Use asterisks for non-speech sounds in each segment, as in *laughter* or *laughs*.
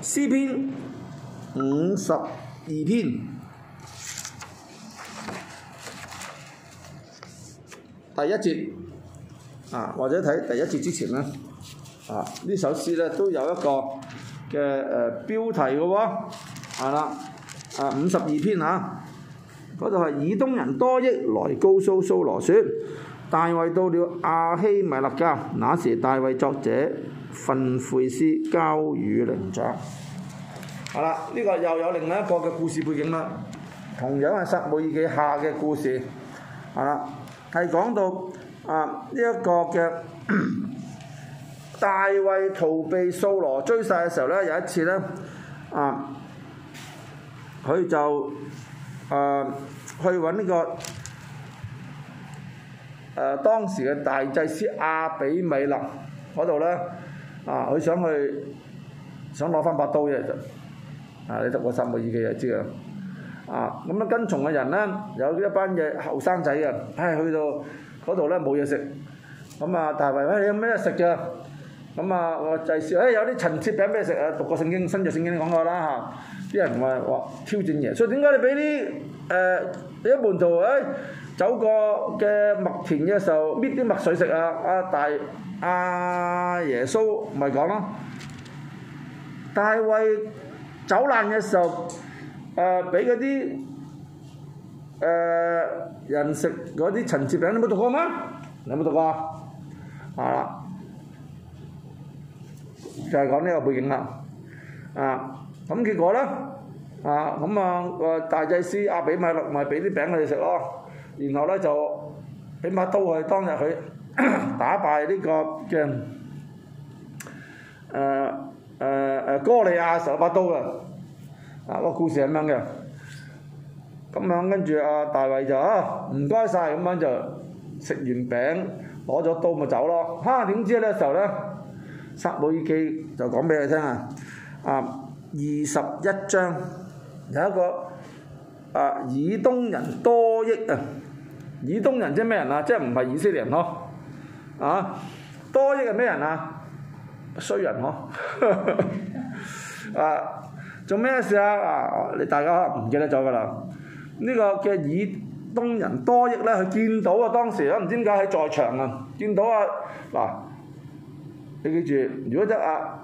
詩篇五十二篇第一節啊，或者睇第一節之前咧啊，啊首詩呢首詩咧都有一個嘅誒、呃、標題嘅喎、啊，係啦啊五十二篇啊，嗰度係以東人多益來告訴掃羅說，大衛到了亞希米勒家，那時大衛作者。笨悔屍，交羽翎，葬。係啦，呢個又有另外一個嘅故事背景啦。同樣係《撒母耳記下》嘅故事。係啦，係講到啊呢一、這個嘅、啊這個、大衛逃避掃羅追殺嘅時候咧，有一次咧啊，佢就啊去揾呢、這個誒、啊、當時嘅大祭司亞比米勒嗰度咧。啊！佢想去，想攞翻把刀嘅，啊！你得過《三國演義》就知啦。啊！咁咧跟從嘅人咧，有一班嘅後生仔嘅，唉、哎，去到嗰度咧冇嘢食，咁啊大衞，喂，你有咩食嘅？咁啊我祭司，唉，有啲陳設餅俾你食啊！讀過聖經，新約聖經講過啦嚇，啲、啊、人話話挑戰嘢，所以點解你俾啲誒一半做？唉、哎！走過嘅麥田嘅時候，搣啲麥穗食啊！阿大阿耶穌咪講咯，大衛走難嘅時候，誒俾嗰啲誒人食嗰啲陳設餅，你冇讀過嗎？你冇讀過啊？就係講呢個背景啦，啊咁結果咧，啊咁啊，誒大祭司阿比米勒咪俾啲餅佢哋食咯。然後咧就俾把刀佢，當日佢打敗呢個嘅誒誒誒哥利亞十把刀嘅，啊個故事係咁樣嘅。咁樣跟住阿大衞就啊唔該曬，咁樣就食完餅攞咗刀咪走咯。嚇點知咧就咧撒母耳記就講俾佢聽啊，啊二十一章有一個啊以東人多益啊。以東人即係咩人啊？即係唔係以色列人咯，啊？啊，多益係咩人啊？衰人呵、啊！ *laughs* 啊，做咩事啊？啊，你大家唔記得咗㗎啦？呢、呢個嘅以東人多益咧，佢見，見到啊，當時咧唔知點解喺在場啊，見到啊嗱，你記住，如果得阿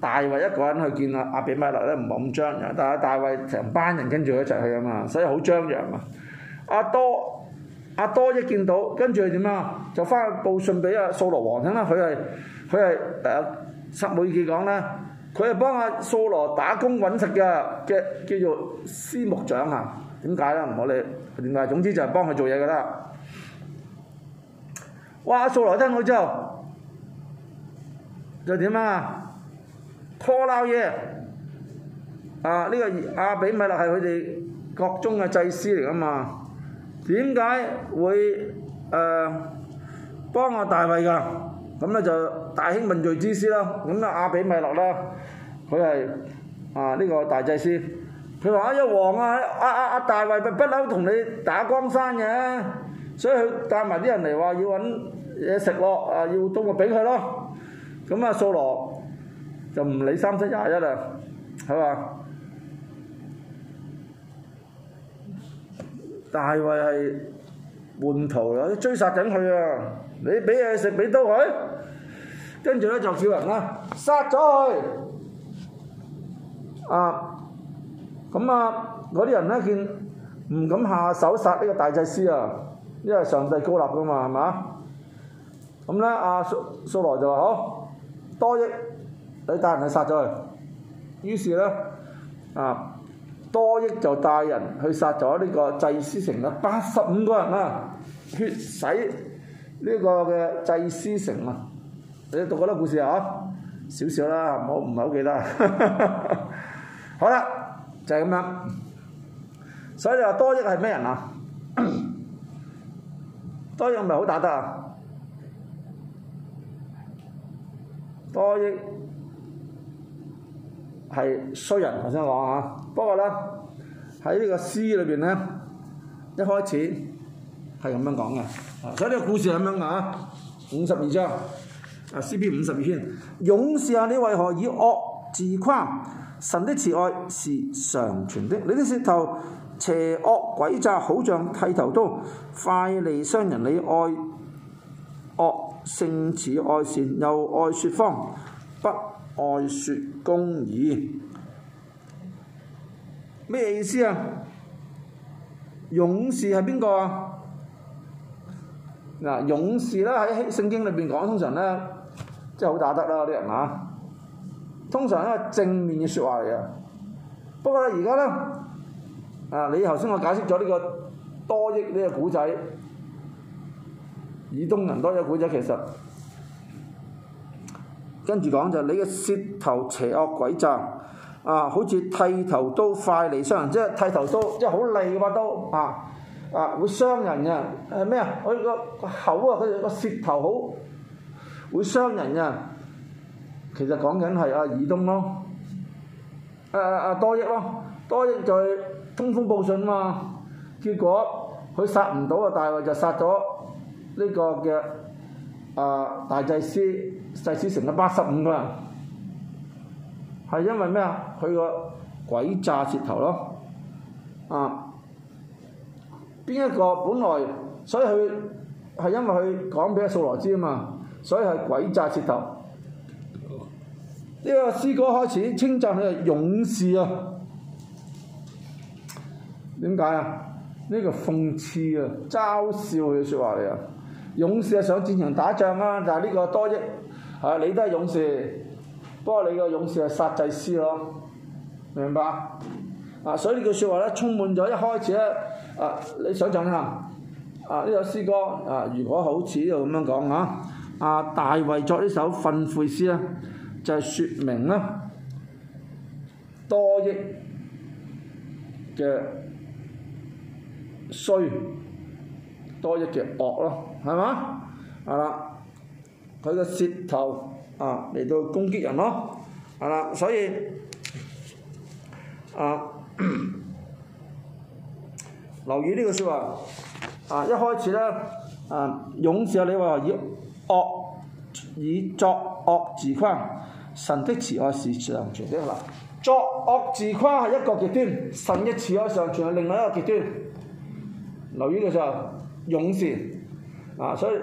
大衛一個人去見啊阿比米勒咧，唔係咁張揚，但係大衛成班人跟住佢一齊去㗎嘛，所以好張揚啊！阿、啊、多。阿多一見到，跟住點啊？就返去報信畀阿掃羅王聽啦。佢係佢係誒，撒母耳記講咧，佢係幫阿掃羅打工揾食嘅嘅叫做司牧長啊。點解咧？唔好理，點解？總之就係幫佢做嘢㗎喇。哇！阿掃羅聽到之後，就點啊？破鬧嘢啊！呢個阿比米勒係佢哋國中嘅祭司嚟噶嘛？點解會誒、呃、幫阿大衞㗎？咁咧就大興問罪之師咯。咁亞比米勒啦，佢係啊呢、這個大祭司。佢話：一王啊，阿阿阿大衞咪不嬲同你打江山嘅，所以佢帶埋啲人嚟話要揾嘢食咯。啊，要多個餅俾佢咯。咁啊，掃羅就唔理三七廿一啦，係嘛？大衞係叛徒啦，追殺緊佢啊！你畀嘢食畀刀佢，跟住咧就叫人啊殺咗佢。啊，咁啊嗰啲人咧見唔敢下手殺呢個大祭司啊，因為上帝高立噶嘛，係咪啊？咁咧，阿、啊、掃掃羅就話：好，多益，你帶人去殺咗佢。於是咧，啊。多益就帶人去殺咗呢個祭司城啦，八十五個人啊，血洗呢個嘅祭司城啊！你讀過呢個故事啊，少少啦，我唔係好記得。 *laughs* 好啦，就係、是、咁樣。所以你話多益係咩人啊？ *coughs* 多益係咪好打得啊？多益係衰人，我先講啊。不過咧，喺呢個詩裏邊咧，一開始係咁樣講嘅，所以呢個故事係咁樣啊，五十二章啊，C P 五十二篇，勇士啊，你為何以惡自誇？神的慈愛是常存的，你的舌頭邪惡詭詐，好像剃頭刀，快利傷人你。你愛惡性，似愛善又愛説謊，不愛説公義。咩意思啊？勇士係邊個啊？嗱，勇士咧喺聖經裏面講，通常咧即係好打得啦啲人啊，通常咧係正面嘅説話嚟嘅。不過咧而家咧，啊，你頭先我解釋咗呢個多益呢個古仔，以東人多能多益古仔其實跟住講就你嘅舌頭邪惡詭詐。啊，好似剃頭刀快嚟傷人，即係剃頭刀，即係好利嘅把刀啊！啊，會傷人嘅，咩啊？佢個、啊、口啊，佢個舌頭好會傷人嘅。其實講緊係阿爾東咯，誒誒阿多益咯，多益就通風報信啊嘛。結果佢殺唔到啊大衛，就殺咗呢個嘅啊大祭司，祭司成咗八十五個啦。係因為咩啊？佢個鬼詐舌頭咯，啊！邊一個本來所以佢係因為佢講俾阿掃羅知啊嘛，所以係鬼詐舌頭。呢、哦、個詩歌開始稱讚佢係勇士啊，點解啊？呢、這個諷刺啊，嘲笑佢嘅説話嚟啊！勇士啊，上戰場打仗啊，但係呢個多益啊，你都係勇士。不過你個勇士係殺祭司咯，明白、啊？所以這句呢句説話充滿咗一開始咧、啊，你想唔想啊？啊，呢首詩歌、啊、如果好似呢度咁樣講、啊、大衛作這首悔呢首訓誨詩就係、是、説明咧多益嘅衰，多益嘅惡咯，係嘛？係啦，佢嘅舌頭。啊，嚟到攻擊人咯，係、啊、啦，所以啊， *coughs* 留意呢個説話。啊，一開始咧，啊，勇士啊，你話以惡以作惡自誇，神的慈愛是常存的啦、啊。作惡自誇係一個極端，神的慈愛常存係另外一個極端。留意嘅時候，勇士，啊，所以。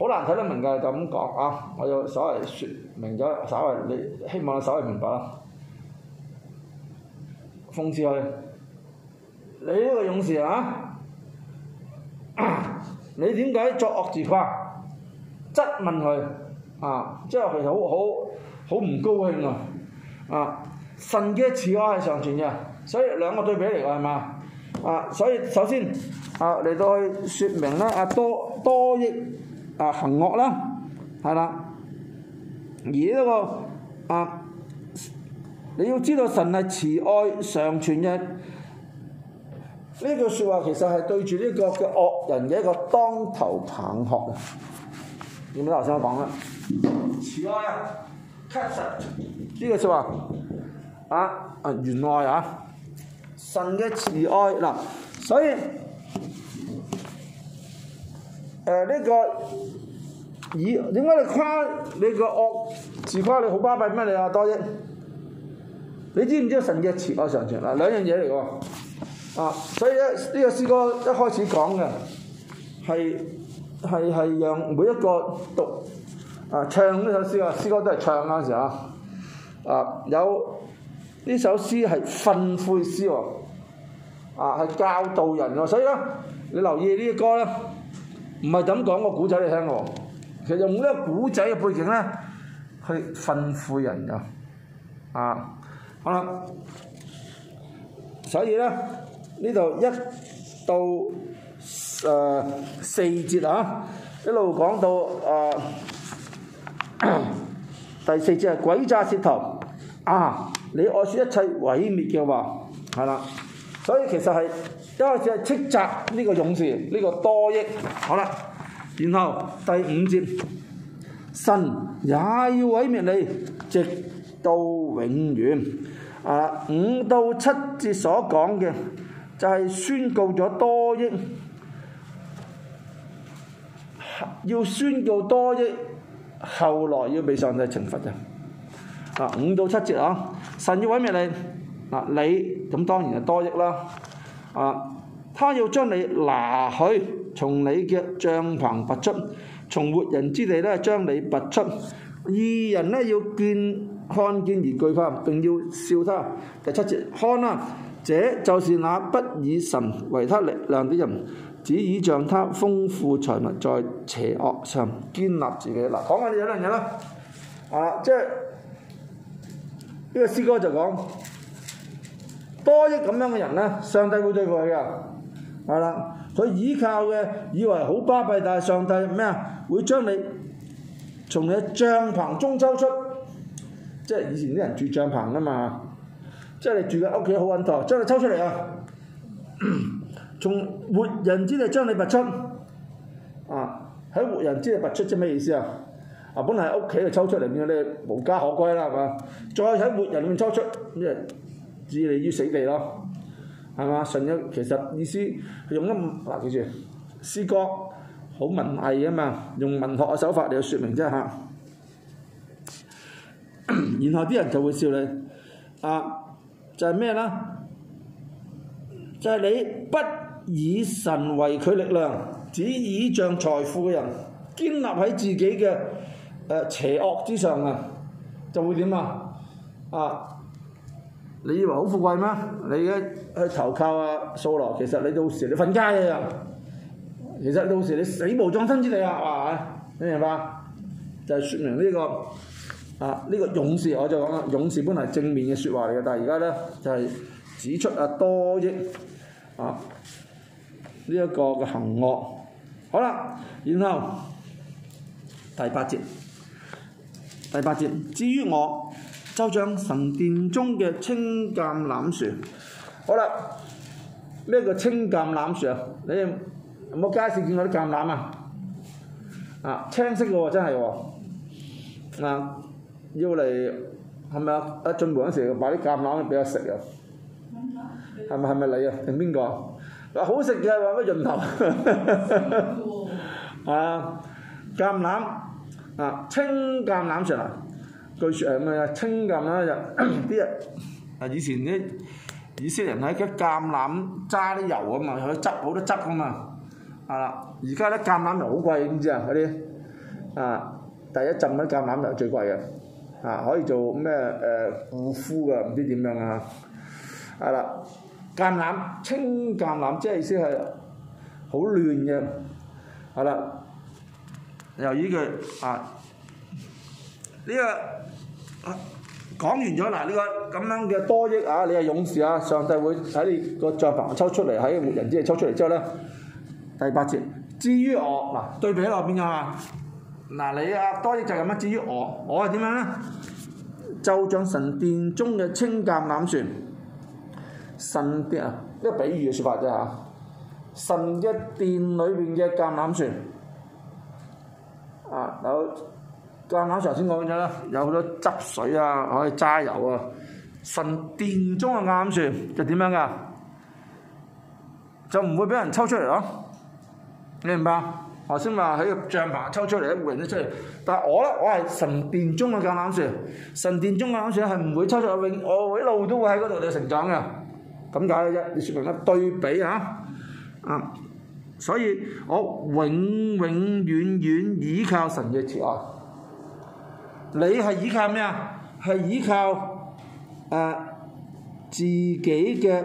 好難睇得明㗎，就咁講啊！我就稍為説明咗，稍為你希望你稍為明白啦。諷刺佢，你呢個勇士啊！你點解作惡自誇？質問佢啊，即係其實好好好唔高興啊！啊，神嘅慈愛係常存嘅，所以兩個對比嚟㗎嘛。啊，所以首先啊，嚟到去説明咧，啊多多益。啊行惡啦，係啦，而呢、這個啊，你要知道神係慈愛常存嘅，呢句説話其實係對住呢、這個嘅惡、這個、人嘅一個當頭棒喝，你有冇啱先講啦？慈愛、這個、啊，確實呢句説話啊啊，原來啊，神嘅慈愛嗱、啊，所以誒呢、呃這個。咦，點解你誇你個惡自誇你好巴閉咩？你啊多益，你知唔知神嘅慈愛常存？嗱、啊、兩樣嘢嚟㗎？啊，所以咧呢、啊這個詩歌一開始講嘅係係係讓每一個讀啊唱呢首詩啊詩歌都係唱嗰陣時候啊啊有呢首詩係訓誨詩喎啊係、啊、教導人㗎、啊，所以咧你留意呢啲歌咧，唔係噉講個古仔你聽喎、啊。其實用呢個古仔嘅背景咧，去訓悔人嘅、啊，啊，好啦，所以咧呢度一到誒、呃、四節啊，一路講到誒、啊、第四節係詭詐舌頭，啊，你愛說一切毀滅嘅話，係啦，所以其實係一開始係斥責呢個勇士，呢、呢個多益，好啦。然後第五節，神也要毀滅你，直到永遠。啊，五到七節所講嘅就係、是、宣告咗多益，要宣告多益，後來要被上帝懲罰嘅。啊，五到七節啊，神要毀滅你，啊，你咁當然係多益啦。啊，他要將你拿去。從你嘅帳篷拔出，從活人之地咧將你拔出。義人咧要見看見而懼怕，並要笑他。第七節看啦，這就是那不以神為他力量的人，只倚仗他豐富財物，在邪惡上建立自己。嗱，講下你有乜嘢啦？係啦，即係呢個詩歌就講多億咁樣嘅人咧，上帝會對付佢嘅。係啦。佢依靠嘅以為好巴閉，但係上帝咩啊？會將你從你帳篷中抽出，即係以前啲人住帳篷啊嘛，即係你住嘅屋企好穩妥，將你抽出嚟啊！從活人之內將你拔出，啊喺活人之內拔出即係咩意思啊？啊本嚟喺屋企抽出嚟，咁你無家可歸啦，係嘛？再喺活人裏面抽出，咁啊置你於死地咯。係嘛？神嘅其實意思用一嗱，記住詩歌好文藝啊嘛，用文學嘅手法嚟到説明啫嚇、啊。然後啲人就會笑你，啊就係、是、咩呢？就係、是、你不以神為佢力量，只倚仗財富嘅人，建立喺自己嘅誒、呃、邪惡之上啊，就會點啊？啊！你以為好富貴咩？你去去投靠阿掃羅，其實你到時你瞓街嘅，其實到時你死無葬身之地啊、哇！啊，明唔明白？就係説明呢個啊，呢個勇士，我就講啦，勇士本嚟係正面嘅説話嚟嘅，但係而家咧就係指出啊多益啊呢一個嘅行惡。好啦，然後第八節，第八節，至於我。州長神殿中嘅青橄欖樹，好啦，咩叫青橄欖樹啊？你有冇街市見過啲橄欖啊？啊，青色嘅喎，真係喎，啊，要嚟係咪啊？阿進門嗰時買啲橄欖俾我食啊？係咪係咪你啊？定邊個？好食嘅話咩潤喉、 *laughs* 啊，啊，橄欖青橄欖樹啊！據説啊，咩啊青橄欖咧就啲啊，咳咳以前啲以色列人喺啲橄欖揸啲油咁嘛，可以執好多汁咁嘛。係啦。而家咧橄欖又好貴，唔知啊嗰啲啊，第一浸嗰啲橄欖就最貴嘅，啊可以做咩誒、呃、護膚嘅，唔知點樣啊，係啦。橄欖青橄欖，即係意思係好嫩嘅，係啦。由於佢。啊，呢、啊啊這個。講、啊、完咗嗱，呢、這個咁樣嘅多益啊，你係勇士啊，上帝會喺你個帳篷抽出嚟，喺活人之中抽出嚟之後咧，第八節。至於我嗱，對比落邊嘅話，嗱你啊多益就係乜？至於我，我係點樣咧、啊？就像神殿中嘅清橄欖船，神啲啊，呢個比喻嘅説法啫嚇，神嘅殿裏邊嘅橄欖船啊，有。橄欖樹先講咁啫啦，有好多汁水啊，可以揸油啊。神殿中嘅橄欖樹就點樣噶？就唔會俾人抽出嚟咯、啊。你明白？明啊？頭先話喺個帳棚抽出嚟一部分啲出嚟，但係我呢，我係神殿中嘅橄欖樹。神殿中嘅橄欖樹係唔會抽出嚟，永我一路都會喺嗰度度成長嘅。咁解嘅啫，你説明一對比嚇、啊嗯。所以我永永遠，遠遠依靠神嘅慈愛。你係依靠咩啊？係依靠、呃、自己嘅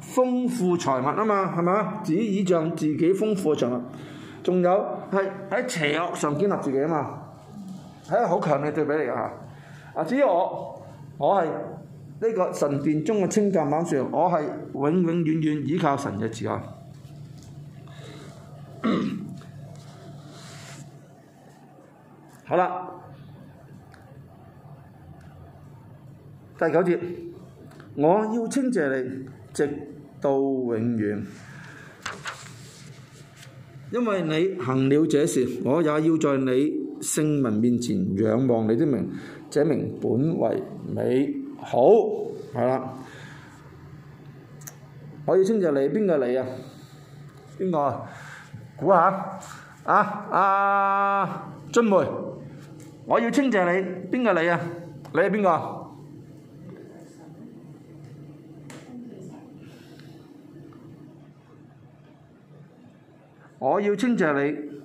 豐富財物啊嘛，係咪？自己倚仗自己豐富嘅財物，仲有係喺邪惡上建立自己啊嘛。係一個好強嘅對比嚟嘅。啊，至於我，我係呢個神殿中嘅清淨晚上，我係永永遠遠遠依靠神嘅慈愛。好啦。 *coughs* 第九節，我要稱謝你，直到永遠。因為你行了這事，我也要在你聖民面前仰望你的名，這名本為美好，係啦。我要稱謝你，邊個你啊？邊個？估下，啊啊，俊梅，我要稱謝你，邊個你啊？你係邊個？誰我要稱謝你，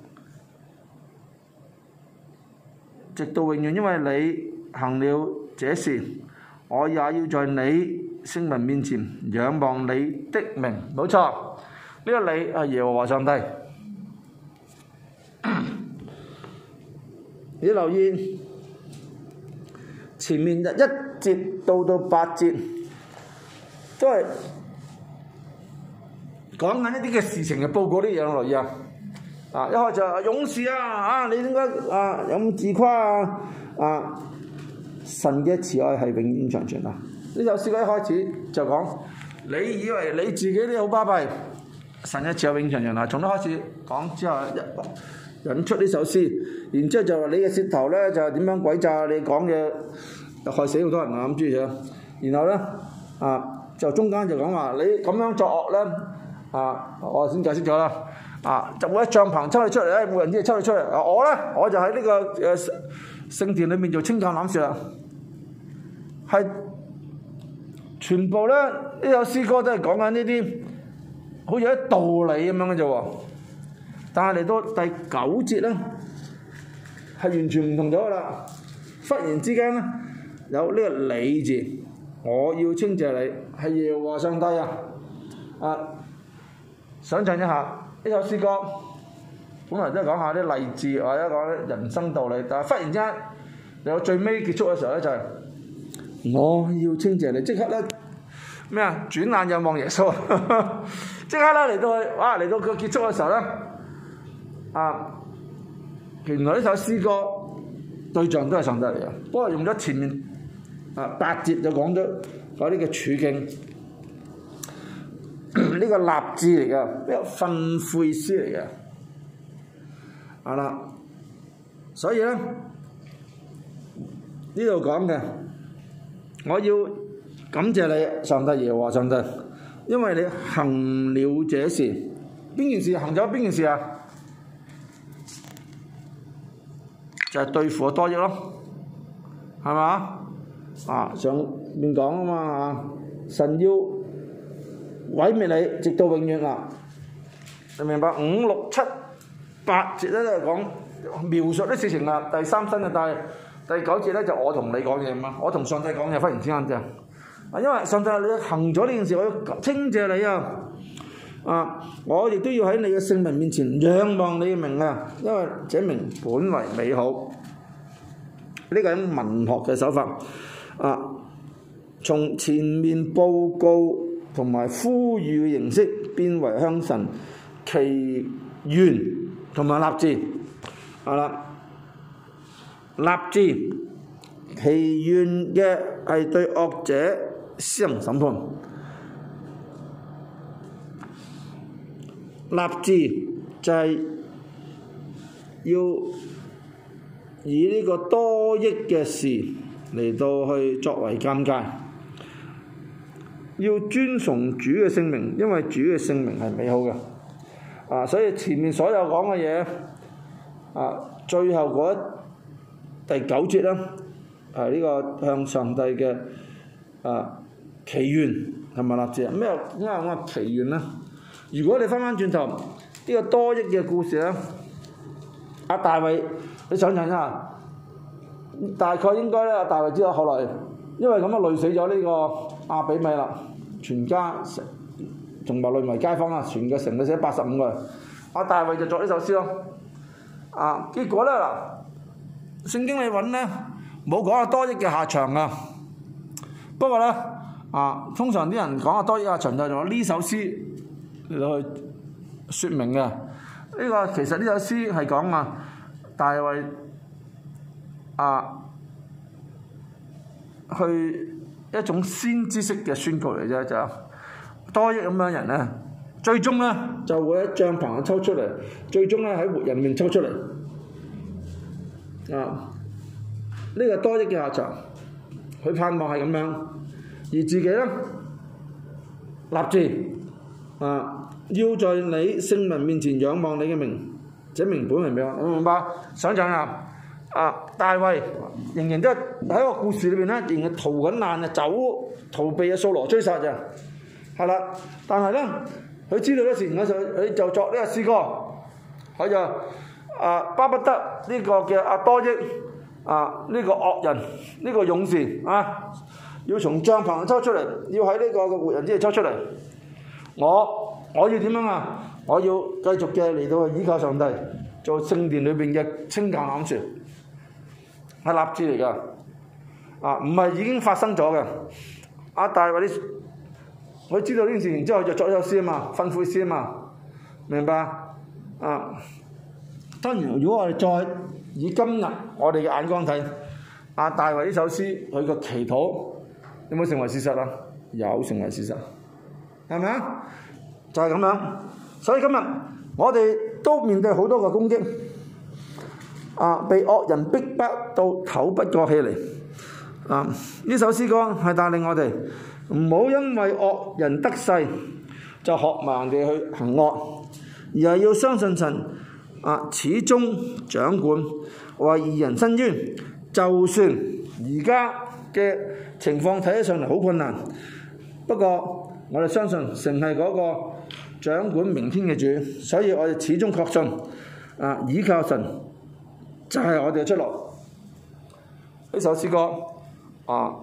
直到永遠，因為你行了這事，我也要在你聖名面前仰望你的名。冇錯，呢個你係，耶和華上帝。你留意，前面一節到到八節都係。講緊呢啲嘅事情嘅報告呢樣類啊，啊一開始就、啊、勇士啊，你應啊你點解啊咁自誇啊？啊神嘅慈愛係永遠長存啊！呢首詩嘅一開始就講，你以為你自己都好巴閉，神嘅慈愛永長存啊！從一開始講之後一、啊、引出呢首詩，然之後就話你嘅舌頭咧就點樣詭詐、啊？你講嘢害死好多人啊咁，住啊？然後咧啊就中間就講話你咁樣作惡咧。啊！我先解釋咗啦。啊，就會喺帳篷抽出咗出嚟咧，冇人知抽出咗出嚟。我咧，我就喺呢、這個誒聖、呃、殿裏面做清教諗住啦。係全部咧，呢首詩歌都係講緊呢啲好似啲道理咁樣嘅啫喎。但係嚟到第九節咧，係完全唔同咗啦。忽然之間咧，有呢、這個你字，我要稱謝你，係耶和華上帝啊！啊！想象一下呢首詩歌，本來都係講下啲勵志，或者講啲人生道理，但係忽然之間，到最尾結束嘅時候咧就係，我要稱謝你，即刻咧咩啊？轉眼又望耶穌，即 *laughs* 刻咧嚟到佢，哇嚟到佢結束嘅時候咧、啊，原來呢首詩歌對象都係上帝嚟嘅，不過用咗前面、啊、八節就講咗嗰啲嘅處境。呢個立志嚟噶，咩憤悔書嚟噶？係啦，所以咧呢度講嘅，我要感謝你，上帝耶和華上帝，因為你行了這事，邊件事行咗邊件事啊？就係對付我多億咯，係咪？啊，上面講啊嘛嚇，神要。毀滅你，直到永遠啊！明唔明白？五六七八節咧就係講描述啲事情啦、啊。第三身就、啊、帶第九節咧就我同你講嘢嘛，我同上帝講嘢，忽然之間啫。啊，因為上帝你行咗呢件事，我要稱謝你啊！啊，我亦都要喺你嘅聖民面前仰望你嘅名啊！因為這名本為美好，呢、呢個係文學嘅手法啊，從前面報告。同埋呼籲形式變為向神，祈願同埋立志。係啦。立志，祈願嘅係對惡者施行審判。立志，就係要以呢個多益嘅事嚟到去作為鑒戒。要尊崇主嘅姓名，因為主嘅姓名係美好嘅。啊，所以前面所有講嘅嘢，啊最後嗰第九節啦，係、啊、呢個向上帝嘅啊祈願同埋立志。咩咁啊咁啊祈願咧？如果你翻翻轉頭呢個多益嘅故事咧，阿、啊、大衞，你想象下，大概應該咧，阿大衞知道後來，因為咁啊累死咗呢、這個。阿比米勒，全家成，從物類為街坊啊，全個城都寫八十五個。阿大衛就作呢首詩咯。啊，結果咧嗱，聖經裏揾咧，冇講阿多益嘅下場噶。不過咧，啊，通常啲人講阿多益下場就係用呢首詩嚟去説明嘅。呢個其實呢首詩係講啊，大衛啊去。一種新知識嘅宣告嚟啫，就多億咁樣人咧，最終咧就會喺帳篷抽出嚟，最終咧喺活人面抽出嚟。啊，呢、這個多億嘅下場，佢盼望係咁樣，而自己咧立志啊，要在你聖民面前仰望你嘅名，這名本來咪話，明唔明白？想唔下、啊。啊！大衛仍然都喺個故事裏邊咧，仍然逃緊難啊，走逃避啊，掃羅追殺咋係啦。但係咧，佢知道一時，佢佢就作呢個詩歌，佢就啊巴不得呢個嘅阿多益啊呢個惡人呢個勇士啊，要從帳棚抽出嚟，要喺呢個活人之地抽出嚟。我我要點樣啊？我要繼續嘅嚟到依靠上帝，做聖殿裏邊嘅青橄欖樹。係立志嚟㗎，啊唔係已經發生咗㗎。阿、啊、大衛呢，我知道呢件事，然之後就作咗首詩嘛，勵志詩嘛，明白？啊，當然，如果我哋再以今日我哋嘅眼光睇，阿、啊、大衛呢首詩佢嘅祈禱有冇成為事實啊？有成為事實，係咪啊？就係、是、咁樣。所以今日我哋都面對好多個攻擊。啊！被惡人逼迫到透不過氣嚟。啊！呢首詩歌係帶領我哋唔好因為惡人得勢就學盲地去行惡，而係要相信神。啊！始終掌管為二人伸冤，就算而家嘅情況睇起上嚟好困難，不過我哋相信，神係嗰個掌管明天嘅主。所以我哋始終確信，啊！倚靠神。就係我哋嘅出路。呢首詩歌，啊，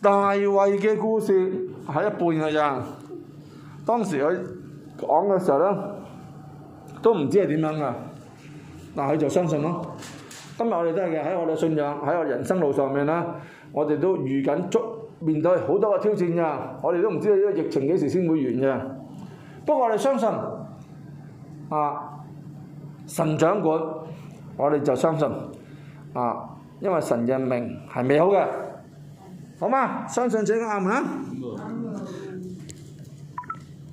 大衞嘅故事係一半㗎咋。當時佢講嘅時候咧，都唔知係點樣㗎。嗱、啊，佢就相信咯。今日我哋都係嘅，喺我哋信仰，喺我哋人生路上面呢，我哋都預備緊面對好多嘅挑戰㗎。我哋都唔知道呢個疫情幾時先會完㗎。不過我哋相信，啊，神掌管。我哋就相信，啊，因為神嘅命係美好嘅，好嗎？相信這個阿門。